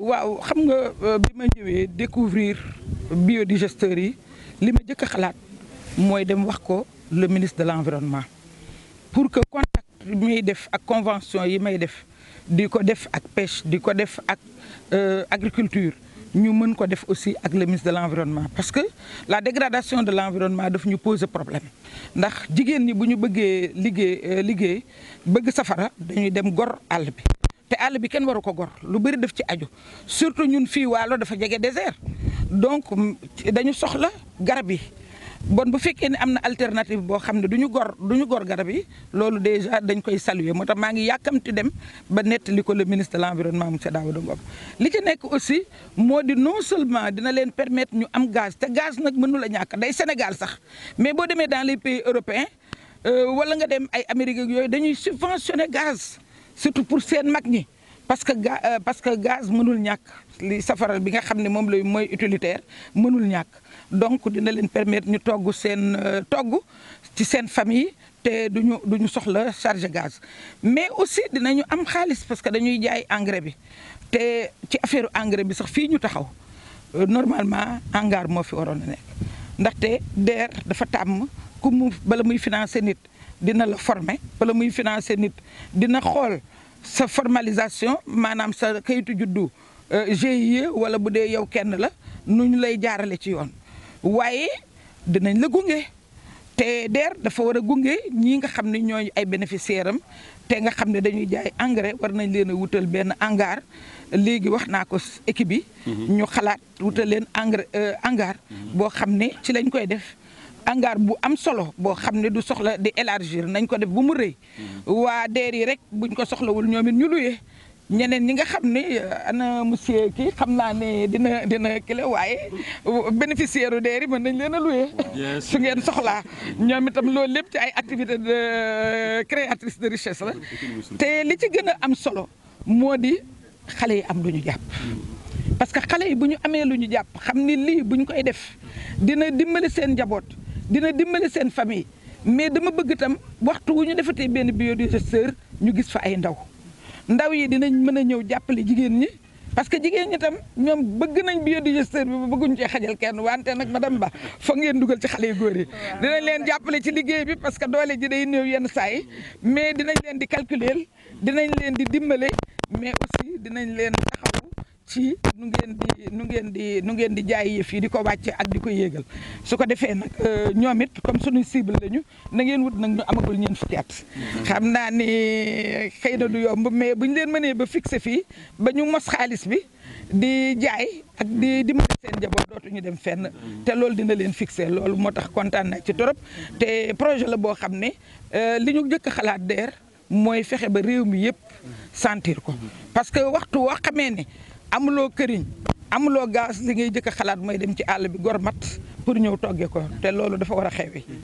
waaw xam nga euh, bi découvrir biodigesteur, yi li ma njëkk le ministre de l'environnement pour que contact yi may def ak convention avec la pêche avec l'agriculture, nous ak euh, agriculture ñu aussi avec le ministre de l'environnement parce que la dégradation de l'environnement daf ñu poser problème ndax jigéen ni bu ñu bëggee veulent bëgg safara dañuy dem gor te àll bi kenn waru ko gor lu bëri def ci ajo surtout ñun fii waalo dafa jege désert donc dañu soxla garab yi bon bu fekkee ne am na alternative boo xam ne du ñu gor du ñu gor garab yi loolu déjà dañ koy saluer moo tax maa ngi yàkkamti dem ba nettali ko le ministre de l'environnement monsieur Daouda Ngom li ci nekk aussi moo di non seulement dina leen permettre ñu am gaz te gaz nag mënul a ñàkk day Sénégal sax mais boo demee dans les pays européens euh, wala nga dem ay Amérique yooyu dañuy subventionner gaz. surtout pour seen magni parce que ga euh, parce que gaz mënul ñak li safaral bi nga xamné mom lay moy utilitaire mënul ñak donc dina leen permettre ñu togg seen euh, togg ci sen famille té duñu duñu soxla charge gaz mais aussi dinañu am xaliss parce que dañuy jaay engrais bi té ci affaire engrais bi sax fi ñu taxaw euh, normalement hangar mo fi waroon nek ndax té DER dafa tam ku mu bala muy financer nit dina la former bala muy financer nit dina xol sa formalisation manam sa kayitu juddu euh, GIE wala budé yow kenn la nuñ lay jaarale ci yoon wayé dinañ la gunge té DER dafa wara a ñi nga xamné ñoy ay bénéficiaire té nga xamné dañuy jaay engrais war nañ leena a wutal benn hangar léegi wax ko équipe bi mhm. ñu xalaat wutal leen engrais euh, hangar. Mhm. bo xamné ci lañ koy def. angar bu am solo bo xamne ne du soxla di élargir nañ ko def bu mu reuy mm-hmm. wa der yi rek buñ ko soxlawul ñoom it ñu luyee ñeneen ñi nga xamne ne euh, ana monsieur ki xamna né dina dina kélé wayé bénéficiaire der yi mën nañ leena luyé su ngeen soxla ñoom tam lool lepp ci ay activité de euh, créatrice de richesse la te li ci gëna am solo modi di yi am luñu japp mm-hmm. parce que xalé yi bu amé luñu japp xamni li buñ koy def dina dimbali seen jabot dina dimbali seen famille mais dama bëgg itam waxtu wu ñu defatee benn biodigesteur ñu gis fa ay ndaw ndaw yi dinañ mën a ñëw jàppale jigéen ñi parce que jigéen ñi tam ñoom bëgg nañ biodigesteur bi ba bëgguñ cee xajal kenn wante nag ma madame Ba fa ngeen dugal ci xale yu góor yi dinañ leen jàppale ci liggéey bi parce que doole ji day néew yenn saa yi mais dinañ leen di calculer dinañ leen di dimbale mais aussi dinañ leen ci nu ngeen di nu ngeen di nu ngeen di jaay yëf yi di ko wàcce ak diko yegal su ko defé nak euh, ñomit comme suñu cible lañu na ngeen wut nak ñu amagul ñeen fi at mm-hmm. xamna ni xeyna du yomb mais bu leen mëne ba fixé fi ba ñu mos xaliss bi di jaay ak di mëne seen dootu ñu dem fenn mm-hmm. té lool dina leen fixé lool motax contane ci torop te projet la bo xamné ne euh, li ñu njëkk xalaat der moy fexé ba réew mi yépp mm-hmm. sentir ko parce que waxtu woo xamé amuloo këriñ amuloo gaas li ngay jëkk xalaat mooy dem ci àll bi gor mat pour ñëw toggee ko te loolu dafa war a xewi